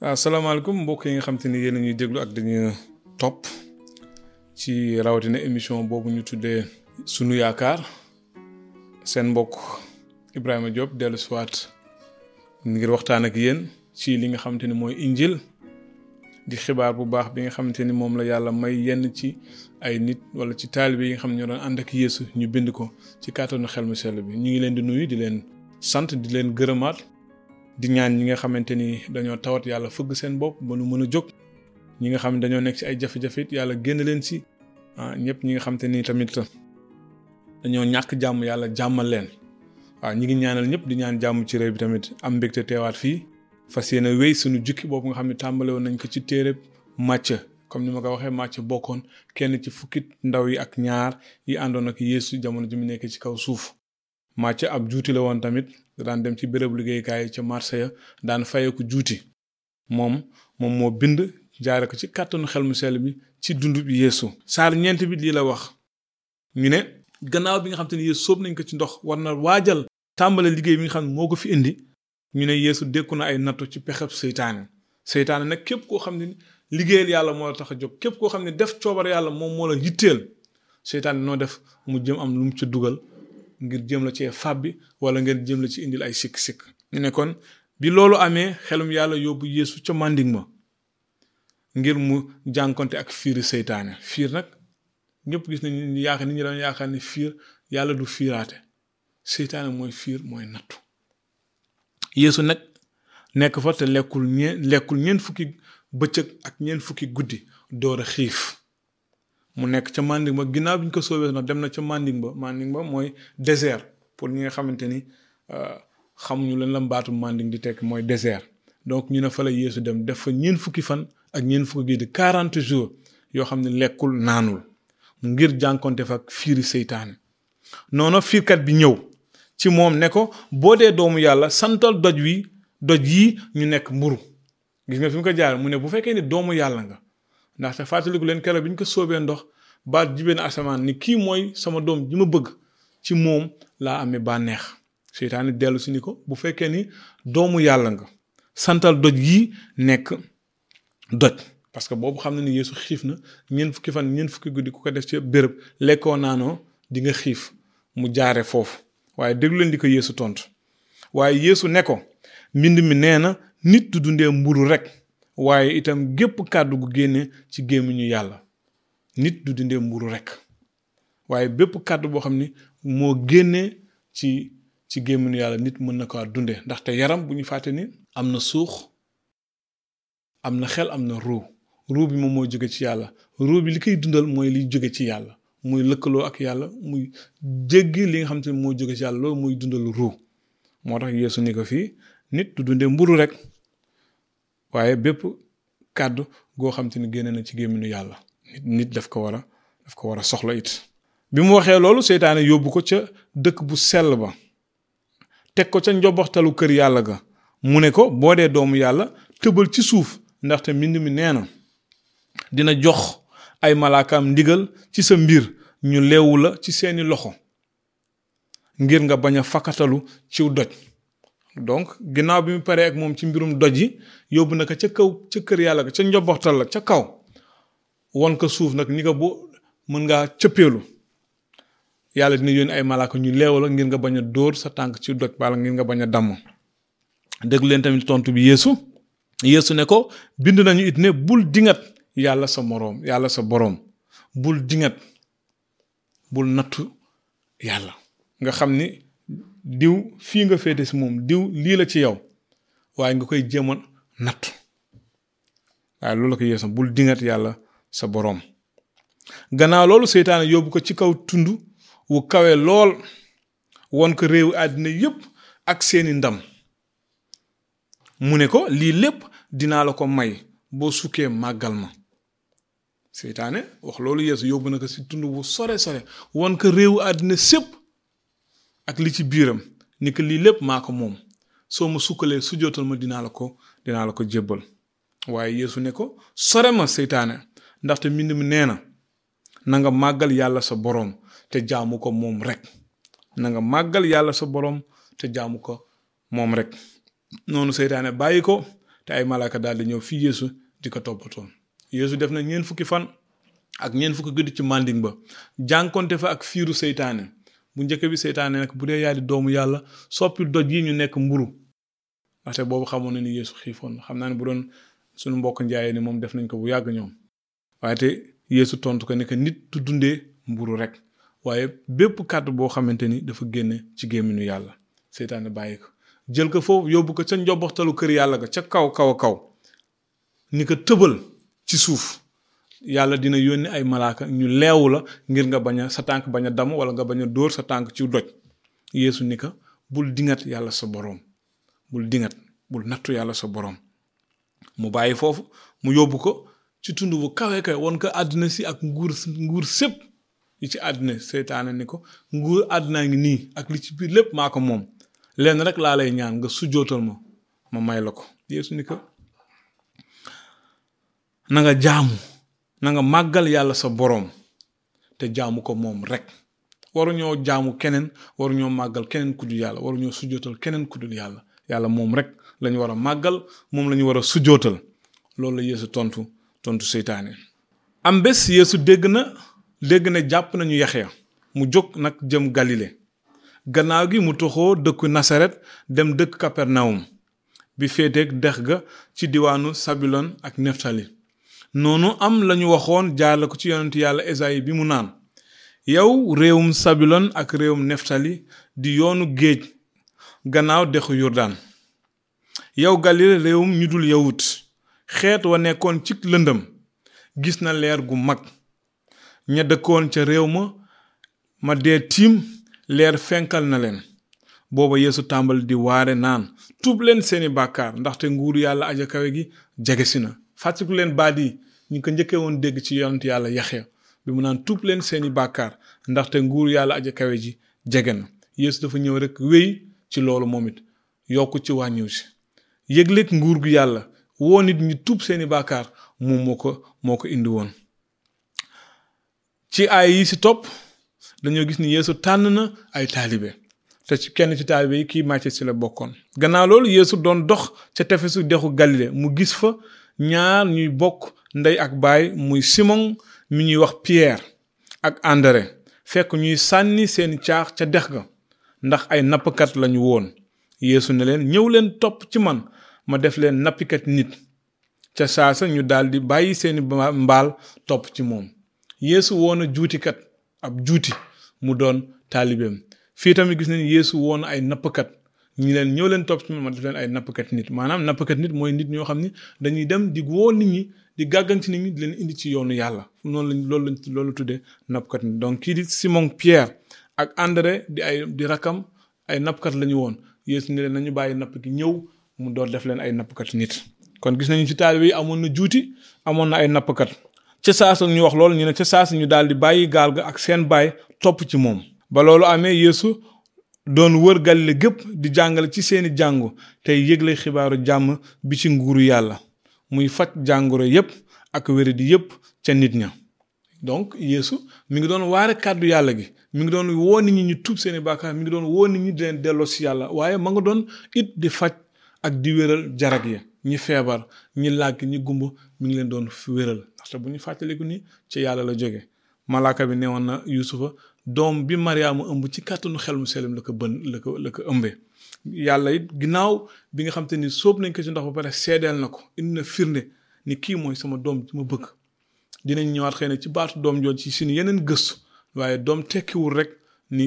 waaw ah, salaamaaleykum mbokk yi nga xam te ni yéen a ñuy déglu ak dañu topp ci rawatina émission boobu ñu tuddee sunu yaakaar seen mbokk Ibrahima Diop dellu ngir waxtaan ak yéen ci li nga xam ni mooy injil di xibaar bu baax bi nga xamante ni moom la yàlla may yenn ci ay nit wala ci taalibe yi nga xam ñoo doon ànd ak yéesu ñu bind ko ci kàttanu xel mu sell bi ñu ngi leen di nuyu di leen sant di leen gërëmaat di ñaan ñi nga xamante ni dañoo tawat yàlla fëgg seen bopp ba nu mën a jóg ñi nga xam ne dañoo nekk ci ay jafe-jafe it yàlla génn leen si ah ñëpp ñi nga xamante ni tamit dañoo ñàkk jàmm yàlla jàmmal leen waaw ah, ñi ngi ñaanal ñëpp di ñaan jàmm ci réew bi tamit am mbégte teewaat fii fas yéene wéy suñu jukki boobu nga xam ne tàmbale woon nañ ko ci téere màcc comme ni ma ko waxee màcc bokkoon kenn ci fukki ndaw yi ak ñaar yi àndoon ak yeesu jamono ji mu nekk ci kaw suuf màcc ab juuti la woon tamit da daan dem ci béréb liggéeykaay ca marché ya daan fayeku juuti moom moom moo bind jaare ko ci kàttanu xel mu sell bi ci dund bi yéesu saar ñeent bi lii la wax ñu ne gannaaw bi nga xam te ne yeesu sóob nañ ko ci ndox war na waajal tàmbale liggéey bi nga xam ne moo ko fi indi ñu ne yéesu dékku na ay nattu ci pexeb seytaane seytaane nag képp koo xam ne liggéeyal yàlla moo la tax a jóg képp koo xam ne def coobar yàlla moom moo la yitteel seytaane noo def mu jëm am lu ci dugal ngir jëm la cee fàbbi wala ngir jëm la ci indil ay sikk-sikk ñu ne kon bi loolu amee xelum yàlla yóbbu yéesu ca màndik ma ngir mu jànkonte ak fiir seytaane fiir nag ñëpp gis nañ ni yaakaar nit ñi doon yaakaar ne fiir yàlla du fiiraate seytaane mooy fiir mooy nattu yéesu nag nekk fa te lekkul ñeen lekkul ñeen fukki bëccëg ak ñeen fukki guddi door a xiif mu nekk ca Manding ba ginnaaw bi ñu ko soobee nag dem na ca Manding ba Manding ba mooy désert pour ñi nga xamante ni euh, xamuñu lan la baatu mànding di tekk mooy désert donc ñu ne fa la Yeesu dem def fa ñeent fukki fan ak ñeent fukki gii di quarante jours yoo xam ne lekkul naanul ngir jànkonte fa ak fiiri seytaane noonu fiirkat bi ñëw ci moom ne ko boo dee doomu yàlla santal doj wi doj yi ñu nekk mburu gis nga fi mu ko jaar mu ne bu fekkee ni doomu yàlla nga ndaxte fàttaliku leen keroog bi ñu ko soobee ndox baat jibee na asamaan ni kii mooy sama doom di ma bëgg ci moom laa amee bànneex seytaane dellu si ni ko bu fekkee ni doomu yàlla nga santal doj yii nekk doj parce que boobu xam na ni yéesu xiif na ñeent fukki fan ñeent fukki guddi ku ko def ci béréb lekkoo naanoo di nga xiif mu jaare foofu waaye déglu leen di ko yeesu tontu waaye yéesu ne ko mbind mi nee na nit du dundee mburu rekk waaye itam gépp kàddu gu génne ci gémmiñu yàlla nit du dundee mburu rekk waaye bépp kàddu boo xam ni moo génnee ci ci gémmiñu yàlla nit mën na ko dunde ndaxte yaram bu ñu fàtte ni am na suux am na xel am na ru ruu bi moom moo jóge ci yàlla ruu bi li koy dundal mooy liy jóge ci yàlla muy lëkkaloo ak yàlla muy jéggi li nga xam te moo jóge ci yàlla loolu muy dundal ruu moo tax yéesu ni ko fii nit du dundee mburu rek waaye bépp kàddu goo xam te ni génne na ci gémminu yàlla nit nit daf ko war a daf ko war a soxla it bi mu waxee loolu seytaane yóbbu ko ca dëkk bu sell ba teg ko ca njoboxtalu kër yàlla ga mu ne ko boo dee doomu yàlla tëbal ci suuf ndaxte mbind mi nee na dina jox ay malaakaam ndigal ci sa mbir ñu leewu la ci seeni loxo ngir nga bañ a fakkatalu ciw doj donc ginnaaw bi mu paree ak moom ci mbirum doj yi yóbbu na ko ca kaw ca kër yàlla ga ca njoboxtal la ca kaw won ko suuf nag ni ko bu mën ngaa cëppeelu yàlla dina yoon ay malaaka ñu leew la ngir nga bañ a dóor sa tànk ci doj bala ngir nga bañ a damm déglu leen tamit tontu bi yéesu yéesu ne ko bind nañu it ne bul dingat yàlla sa moroom yàlla sa boroom bul dingat bul nattu yàlla nga xam ni diw fii nga féete si moom diw lii la ci yow waaye nga koy jéem a waaye loolu la ko yeesam bul dingat yàlla sa boroom gannaaw loolu seytaane yóbbu ko ci kaw tund wu kawe lool won ko réewu àddina yépp ak seeni ndam mu ne ko lii lépp dinaa la ko may boo sukkee màggal ma seytaane wax loolu yéesu yóbbu na ko si tund wu sore sore won ko réewu àddina sépp ak li ci biiram ni que lii lépp maa ko moom soo ma sukkalee sujjootal ma dinaa la ko dinaa la ko jébbal waaye yeesu ne ko sore ma seytaane ndaxte mbind mi nee na nanga màggal yàlla sa boroom te jaamu ko moom rekk na màggal yàlla sa boroom te jaamu ko moom rek noonu seytaane bàyyi ko te ay malaaka daal di ñëw fii yéesu di ko toppatoon yeesu def na ñeen fukki fan ak ñeen fukki guddi ci mànding ba jànkonte fa ak fiiru seytaane bu njëkk bi seytaane nag bu dee yàlla doomu yàlla soppi doj yi ñu nekk mburu ndaxte boobu xamoon na ni yéesu xiifoon xam naa ne bu doon suñu mbokk njaayee ni moom def nañ ko bu yàgg ñoom waaye te tontu ko ne nit du dundee mburu rek waaye bépp kàddu boo xamante ni dafa génn ci gémminu yàlla seytaane bàyyi ko jël ko foofu yóbbu ko ca njoboxtalu kër yàlla ga ca kaw kaw kaw ni ko tëbal ci suuf yàlla dina yónni ay malaaka ñu leewu la ngir nga bañ a sa tànk bañ a damm wala nga bañ a dóor sa tànk ci doj yéesu nika bul dinat yàlla sa boroom bul dinat bul nattu yàlla sa boroom mu bàyyi foofu mu yóbbu ko ci tund bu kawe kawe won ko àddina si ak nguur nguur sépp yi ci àddina seytaane ni ko nguur àddinaa ngi nii ak li ci biir lépp maa ko moom lenn rek laa lay ñaan nga sujjootal ma ma may la ko yeesu ni ko jaamu na nga màggal yàlla sa boroom te jaamu ko moom rek waruñoo jaamu keneen waruñoo màggal keneen ku dul yàlla waruñoo sujjootal keneen ku dul yàlla yàlla moom rek lañu war a màggal moom lañu war a sujjootal loolu la tontu tontu seytaane am bés yeesu dégg na dégg na jàpp nañu yaxya mu jóg nag jëm galile gannaaw gi mu toxoo dëkku nasaret dem dëkk kapernawum bi féeteeg dex ga ci diwaanu sabilon ak neftali noonu am lañu waxoon jaarle ko ci yonent yàlla Esayi bi mu naan yow réewum Sabilon ak réewum Neftali di yoonu géej gannaaw dexu Yordaan yow Galil réewum ñu dul yawut xeet wa nekkoon ci lëndëm gis na leer gu mag ña dëkkoon ca réew ma ma dee tiim leer fenkal na leen booba Yeesu tàmbal di waare naan tuub leen seeni bàkkaar ndaxte nguuru yàlla aja kawe gi jege si na fàttiku leen baat ñu ko njëkkee woon dégg ci yonentu yàlla yaxya bi mu naan tuub leen seeni bàkkaar ndaxte nguur yàlla aja kawe ji jege na yéesu dafa ñëw rekk wéy ci loolu moom it yokk ci wàññiw si yëgleeg nguur gu yàlla woo nit ñu tuub seeni bàkkaar moom moo ko moo ko indi woon ci ay yi si topp dañoo gis ni yéesu tànn na ay taalibe te ci kenn ci taalibe yi kii màcce si la bokkoon gannaaw loolu yeesu doon dox ca tefesu dexu galile mu gis fa ñaar ñuy bokk ndey ak baay muy Simon mi ñuy wax Pierre ak André fekk ñuy sànni seen caax ca dex ga ndax ay nappkat lañu woon yéesu ne leen ñëw leen topp ci man ma def leen nappkat nit ca saasa ñu daldi bàyyi seeni mbaal topp ci moom yéesu woon juutikat ab juuti mu doon taalibeem fii tamit gis nañu yéesu woon ay nappkat ñi leen ñëw leen topp ci man def leen ay nappkat nit maanaam nappkat nit mooy nit ñoo xam ni dañuy dem di woo nit ñi di gàggan ci nit ñi di leen indi ci yoonu yàlla noonu lañ loolu lañ loolu tuddee nappkat nit donc kii di simon pierre ak andré di ay di rakam ay nappkat lañu woon yeesu ne leen nañu bàyyi napp gi ñëw mu door def leen ay nappkat nit kon gis nañu ci taalibe yi amoon na juuti amoon na ay nappkat ca saasa ñu wax loolu ñu ne ca ñu daal di bàyyi gaal ga ak seen bàyyi topp ci moom ba loolu amee yeesu doon wër Galile gépp di jàngale ci seeni jàngu tey yëgle xibaaru jàmm bi ci nguuru yàlla muy faj jàngoro yépp ak wéradi yépp ca nit ña donc yéesu mi ngi doon waare kàddu yàlla gi mi ngi doon woo nit ñi ñu tuub seeni bàkkaar mi ngi doon woo nit ñi di leen delloo si yàlla waaye mu nga doon it di faj ak di wéral jarag yi ñi feebar ñi làgg ñi gumba mu ngi leen doon wéral ndaxte bu ñu fàttaliku ni ci yàlla la jóge malaaka bi newoon na Yuusufa doom bi mariama ëmb ci kàttanu xel mu selim la ko bën la ko la ko ëmbee yàlla it ginnaaw bi nga xam ni sóob nañ ko ci ndox ba pare seedeel na ko indi na firnde ni kii mooy sama doom ci ma bëgg dinañ ñëwaat xëy na ci baatu doom jooj ci suñu yeneen gëstu waaye doom tekkiwul rek ni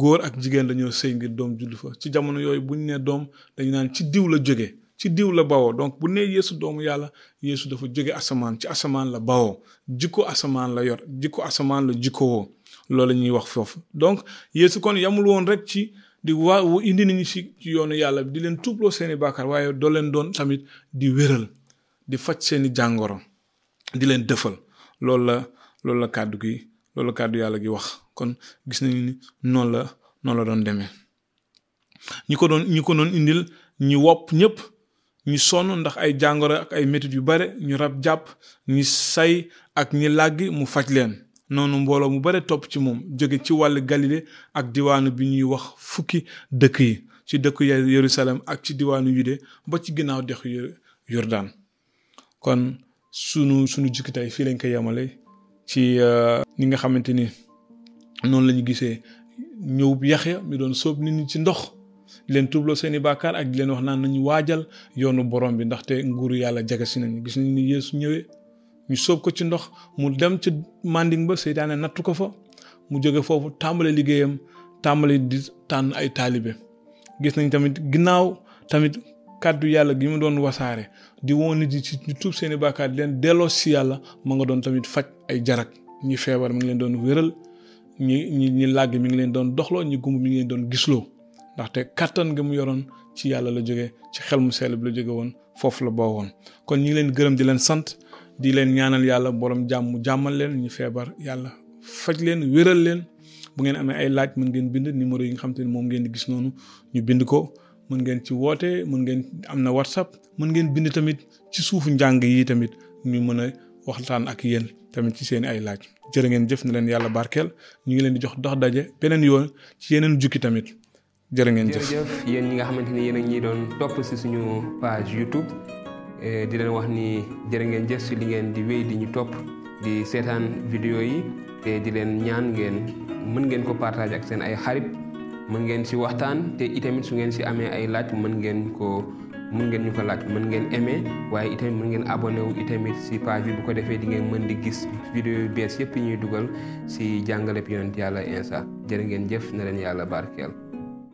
góor ak jigéen dañoo sëy ngir doom judd fa ci jamono yooyu buñ ne doom dañu naan ci diw la jógee ci diw la bawoo donc bu nee yéesu doomu yàlla yéesu dafa jóge asamaan ci asamaan la bawoo jikko asamaan la yor jikko asamaan la jikkowoo loolu la ñuy wax foofu donc yeesu kon yamul woon rek ci di waaw indi nañu si ci yoonu yàlla di leen tuubloo seeni bàkkaar waaye doo leen doon tamit di wéral di faj seeni jàngoro di leen dëfal loolu la loolu la kàddu gi loolu la kàddu yàlla gi wax kon gis nañu ni noonu la noonu la doon demee ñi ko doon ñi ko doon indil ñi wopp ñëpp ñu sonn ndax ay jàngoro ak ay métit yu bare ñu rab jàpp ñi say ak ñi làgg mu faj leen noonu mbooloo mu bare topp ci moom jóge ci wàll galile ak diwaanu bi ñuy wax fukki dëkk yi ci dëkk yerusalem ak ci diwaanu yude ba ci ginnaaw dex yordaan kon sunu sunu jukki tey fii lañ ko yemale ci euh, ni nga xamante ni noonu lañu gisee ñëw yaxya mi doon soob nit ñi ci ndox di leen tublo seeni bàkkaar ak di leen wax naan nañu waajal yoonu borom bi ndaxte nguuru yàlla jaga si nañu gis nañu ni yeesu ñëwee ñu soob ko ci ndox mu dem ci manding ba seytaane nattu ko fa mu jóge foofu tàmbale liggéeyam tàmbale di tànn ay taalibe gis nañ tamit ginnaaw tamit kaddu yàlla gi mu doon wasaare di woon nit ci ñu tuub seeni bàkkaar di leen delloo si yàlla ma nga doon tamit faj ay jarak ñi feebar mi ngi leen doon wéral ñi ñi ñi làgg mi ngi leen doon doxloo ñi gumb mi ngi leen doon gisloo ndaxte kattan nga mu yoroon ci yàlla la jóge ci xel mu sell bi la jóge woon foofu la boo woon kon ñi leen gërëm di leen sant di leen ñaanal yàlla borom jàmm jàmmal leen ñu feebar yàlla faj leen wéral leen bu ngeen amee ay laaj mën ngeen bind numéro yi nga xam ne moom ngeen di gis noonu ñu bind ko mun ngeen ci wootee mun ngeen am na whatsapp mën ngeen bind tamit ci suufu njàng yi tamit ñu mën a waxtaan ak yéen tamit ci seen ay laaj jërë ngeen jëf na leen yàlla barkeel ñu ngi leen di jox dox daje beneen yoon ci yeneen jukki tamit jërë ngeen jëf jërëjëf yéen ñi nga xamante ni yéen ak ñi doon topp si suñu page youtube di leen wax ni jërë ngeen jëf si li ngeen di wéy di ñu topp di seetaan vidéo yi te di leen ñaan ngeen mën ngeen ko partage ak seen ay xarit mën ngeen si waxtaan te itamit su ngeen si amee ay laaj mën ngeen ko mën ngeen ñu ko laaj mën ngeen aimé waaye itamit mën ngeen abonné wu itamit si page bi bu ko defee di ngeen mën di gis vidéo yu bees yëpp yi ñuy dugal si jàngaleb yonent yàlla insa jërë ngeen jëf na leen yàlla barkeel